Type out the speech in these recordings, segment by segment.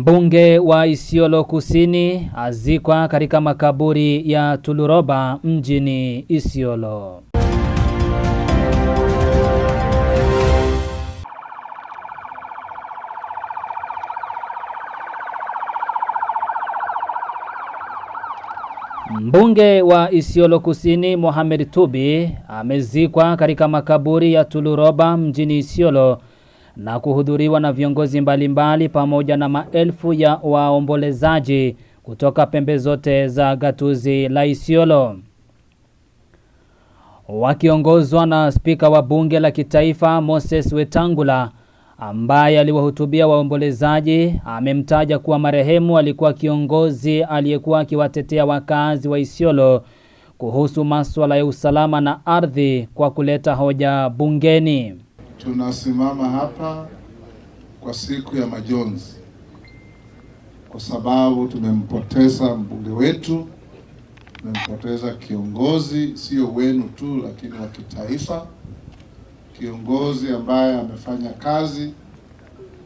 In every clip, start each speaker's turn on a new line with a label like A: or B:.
A: Mbunge wa Isiolo Kusini azikwa katika makaburi ya Tuluroba mjini Isiolo. Mbunge wa Isiolo Kusini Mohamed Tubi amezikwa katika makaburi ya Tuluroba mjini Isiolo na kuhudhuriwa na viongozi mbalimbali pamoja na maelfu ya waombolezaji kutoka pembe zote za gatuzi la Isiolo. Wakiongozwa na spika wa bunge la kitaifa Moses Wetangula ambaye aliwahutubia waombolezaji, amemtaja kuwa marehemu alikuwa kiongozi aliyekuwa akiwatetea wakazi wa Isiolo kuhusu masuala ya usalama na ardhi kwa kuleta hoja bungeni
B: tunasimama hapa kwa siku ya majonzi kwa sababu tumempoteza mbunge wetu, tumempoteza kiongozi, sio wenu tu, lakini wa kitaifa, kiongozi ambaye amefanya kazi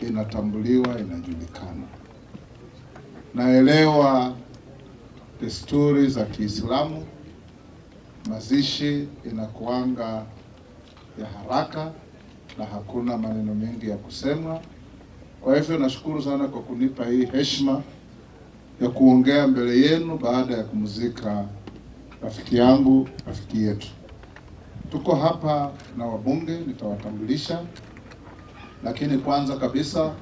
B: inatambuliwa, inajulikana. Naelewa desturi za Kiislamu, mazishi inakuanga ya haraka na hakuna maneno mengi ya kusemwa. Kwa hivyo nashukuru sana kwa kunipa hii heshima ya kuongea mbele yenu baada ya kumzika rafiki yangu, rafiki yetu. Tuko hapa na wabunge, nitawatambulisha, lakini kwanza kabisa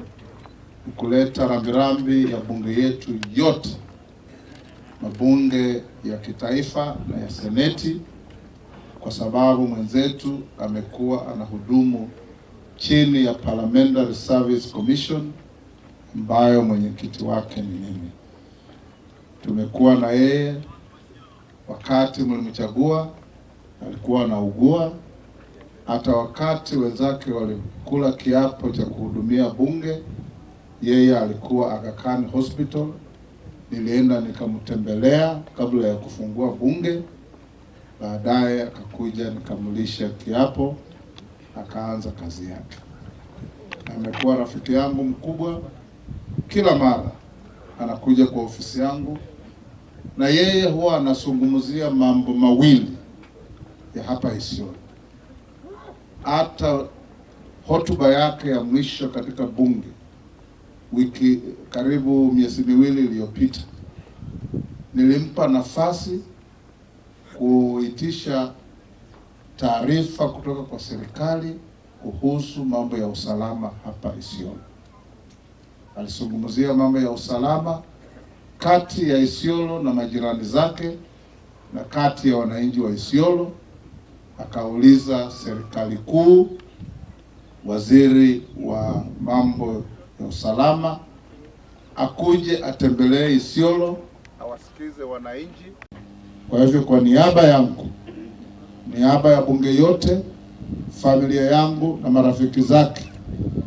B: ni kuleta rambirambi ya bunge yetu yote, mabunge ya kitaifa na ya seneti, kwa sababu mwenzetu amekuwa anahudumu chini ya Parliamentary Service Commission ambayo mwenyekiti wake ni mimi. Tumekuwa na yeye wakati mlimchagua, alikuwa anaugua. Hata wakati wenzake walikula kiapo cha kuhudumia bunge, yeye alikuwa Aga Khan Hospital. Nilienda nikamtembelea kabla ya kufungua bunge, baadaye akakuja nikamlisha kiapo akaanza kazi yake, amekuwa rafiki yangu mkubwa. Kila mara anakuja kwa ofisi yangu, na yeye huwa anazungumzia mambo mawili ya hapa Isiolo. Hata hotuba yake ya mwisho katika bunge wiki karibu miezi miwili iliyopita nilimpa nafasi kuitisha taarifa kutoka kwa serikali kuhusu mambo ya usalama hapa Isiolo. Alizungumzia mambo ya usalama kati ya Isiolo na majirani zake na kati ya wananchi wa Isiolo. Akauliza serikali kuu, waziri wa mambo ya usalama akuje atembelee Isiolo
C: awasikize wananchi.
B: Kwa hivyo, kwa niaba yangu niaba ya bunge yote, familia yangu na marafiki zake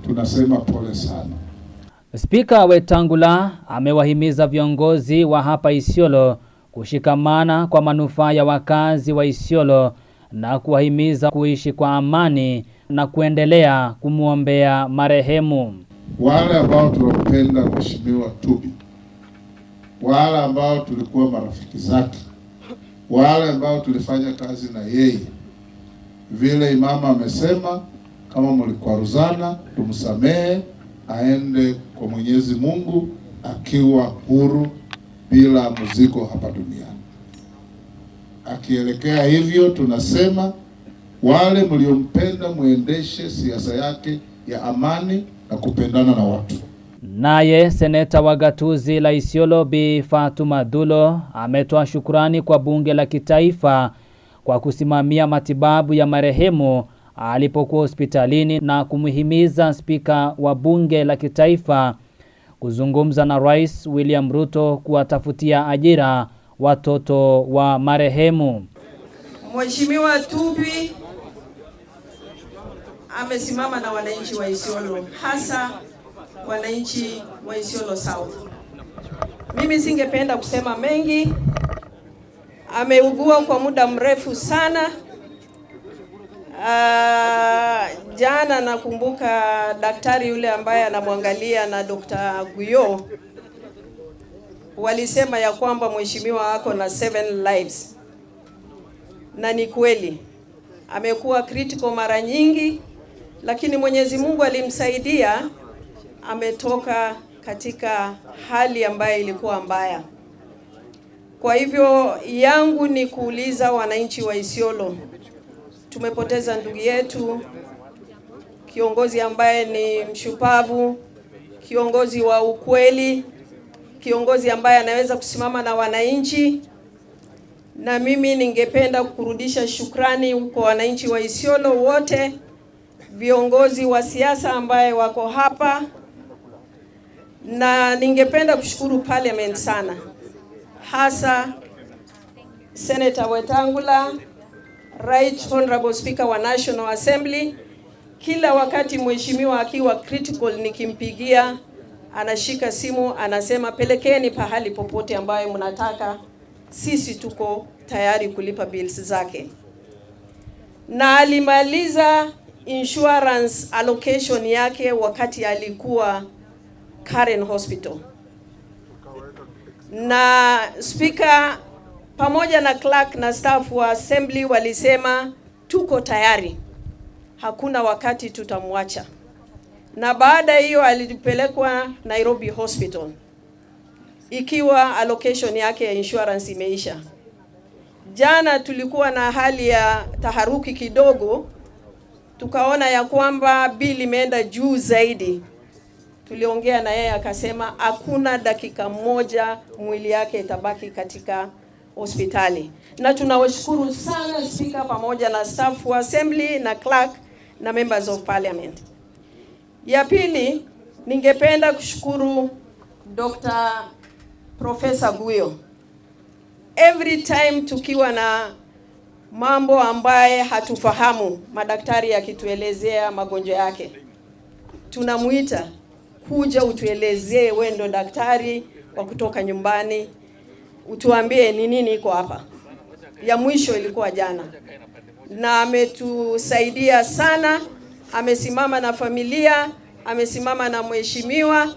B: tunasema pole sana.
A: Spika Wetangula amewahimiza viongozi wa hapa Isiolo kushikamana kwa manufaa ya wakazi wa Isiolo na kuwahimiza kuishi kwa amani na kuendelea kumwombea marehemu.
B: Wale ambao tunampenda Mheshimiwa Tubi, wale ambao tulikuwa marafiki zake wale ambao tulifanya kazi na yeye. Vile imama amesema, kama mlikwaruzana, tumsamehe, aende kwa Mwenyezi Mungu akiwa huru bila mzigo hapa duniani. Akielekea hivyo, tunasema wale mliompenda, mwendeshe siasa yake ya amani na kupendana na watu.
A: Naye seneta wa gatuzi la Isiolo Bi Fatuma Dulo ametoa shukurani kwa bunge la kitaifa kwa kusimamia matibabu ya marehemu alipokuwa hospitalini na kumhimiza spika wa bunge la kitaifa kuzungumza na Rais William Ruto kuwatafutia ajira watoto wa marehemu.
D: Mheshimiwa Tupi amesimama na wananchi wa Isiolo hasa wananchi wa Isiolo South. Mimi singependa kusema mengi, ameugua kwa muda mrefu sana. Uh, jana nakumbuka daktari yule ambaye anamwangalia na Dr. Guyo walisema ya kwamba mheshimiwa ako na seven lives, na ni kweli amekuwa critical mara nyingi, lakini Mwenyezi Mungu alimsaidia ametoka katika hali ambayo ilikuwa mbaya. Kwa hivyo yangu ni kuuliza wananchi wa Isiolo, tumepoteza ndugu yetu, kiongozi ambaye ni mshupavu, kiongozi wa ukweli, kiongozi ambaye anaweza kusimama na wananchi, na mimi ningependa kurudisha shukrani kwa wananchi wa Isiolo wote, viongozi wa siasa ambaye wako hapa na ningependa kushukuru parliament sana, hasa Senator Wetangula, Right Honorable Speaker wa National Assembly. Kila wakati mheshimiwa akiwa critical nikimpigia anashika simu anasema, pelekeni pahali popote ambayo mnataka, sisi tuko tayari kulipa bills zake. Na alimaliza insurance allocation yake wakati alikuwa Karen Hospital. Na spika pamoja na clerk na staff wa assembly walisema tuko tayari, hakuna wakati tutamwacha. Na baada hiyo alipelekwa Nairobi Hospital ikiwa allocation yake ya insurance imeisha. Jana tulikuwa na hali ya taharuki kidogo, tukaona ya kwamba bili imeenda juu zaidi tuliongea na yeye akasema hakuna dakika moja mwili yake itabaki katika hospitali. Na tunawashukuru sana spika pamoja na staff wa assembly na clerk na members of parliament. Ya pili, ningependa kushukuru Dr. Professor Guyo. Every time tukiwa na mambo ambaye hatufahamu, madaktari yakituelezea magonjwa yake tunamuita kuja utuelezee, wewe ndo daktari wa kutoka nyumbani, utuambie ni nini iko hapa. Ya mwisho ilikuwa jana, na ametusaidia sana, amesimama na familia, amesimama na mheshimiwa.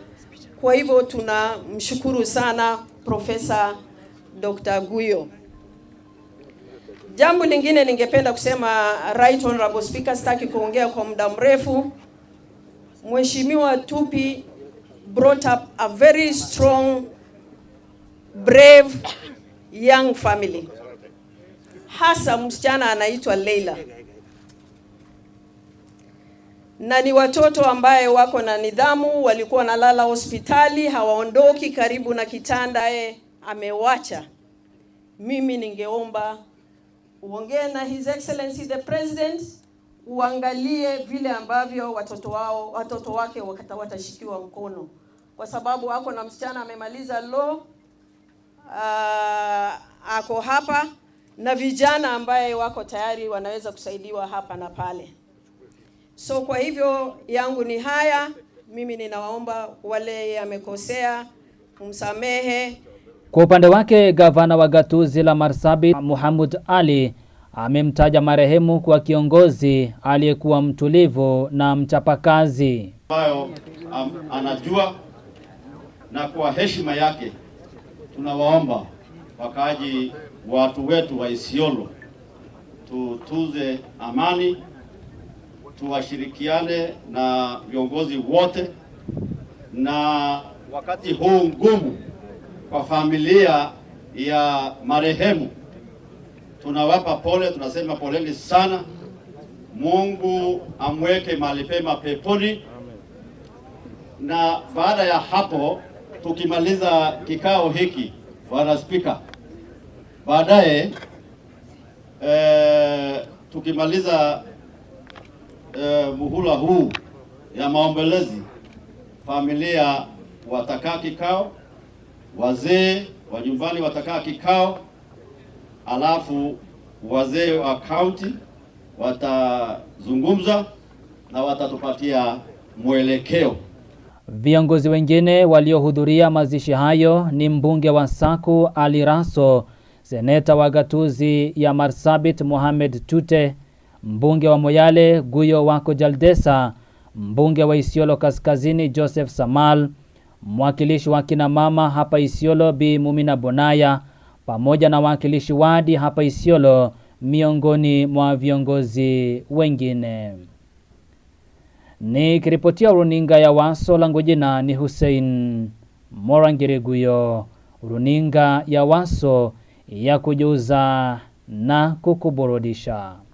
D: Kwa hivyo tunamshukuru sana Profesa Dr. Guyo. Jambo lingine ningependa kusema, Right Honorable Speaker, sitaki kuongea kwa muda mrefu. Mheshimiwa Tupi brought up a very strong, brave young family, hasa msichana anaitwa Leila, na ni watoto ambaye wako na nidhamu, walikuwa wanalala hospitali, hawaondoki karibu na kitanda, ye eh, amewacha. Mimi ningeomba uongee na His Excellency the President uangalie vile ambavyo watoto wao watoto wake watashikiwa mkono, kwa sababu ako na msichana amemaliza law uh, ako hapa na vijana ambaye wako tayari wanaweza kusaidiwa hapa na pale. So kwa hivyo yangu ni haya, mimi ninawaomba wale amekosea msamehe.
A: Kwa upande wake gavana wa gatuzi la Marsabit Muhammad Ali amemtaja marehemu kwa kiongozi aliyekuwa mtulivu na mchapakazi,
E: ambayo anajua na kwa heshima yake tunawaomba wakaaji, watu wetu wa Isiolo, tutuze amani, tuwashirikiane na viongozi wote, na wakati huu ngumu kwa familia ya marehemu tunawapa pole, tunasema poleni sana. Mungu amweke mahali pema peponi. Na baada ya hapo, tukimaliza kikao hiki, bwana Spika, baadaye e, tukimaliza e, muhula huu ya maombelezi, familia watakaa kikao, wazee wa nyumbani watakaa kikao alafu wazee wa kaunti watazungumza na watatupatia mwelekeo.
A: Viongozi wengine waliohudhuria mazishi hayo ni mbunge wa Saku Ali Raso, seneta wa gatuzi ya Marsabit Mohamed Tute, mbunge wa Moyale Guyo Wako Jaldesa, mbunge wa Isiolo Kaskazini Joseph Samal, mwakilishi wa kina mama hapa Isiolo Bi Mumina Bonaya pamoja na wawakilishi wadi hapa Isiolo miongoni mwa viongozi wengine. Nikiripotia runinga ya Waso, langu jina ni Hussein Morangiriguyo, runinga ya Waso ya kujuza na kukuburudisha.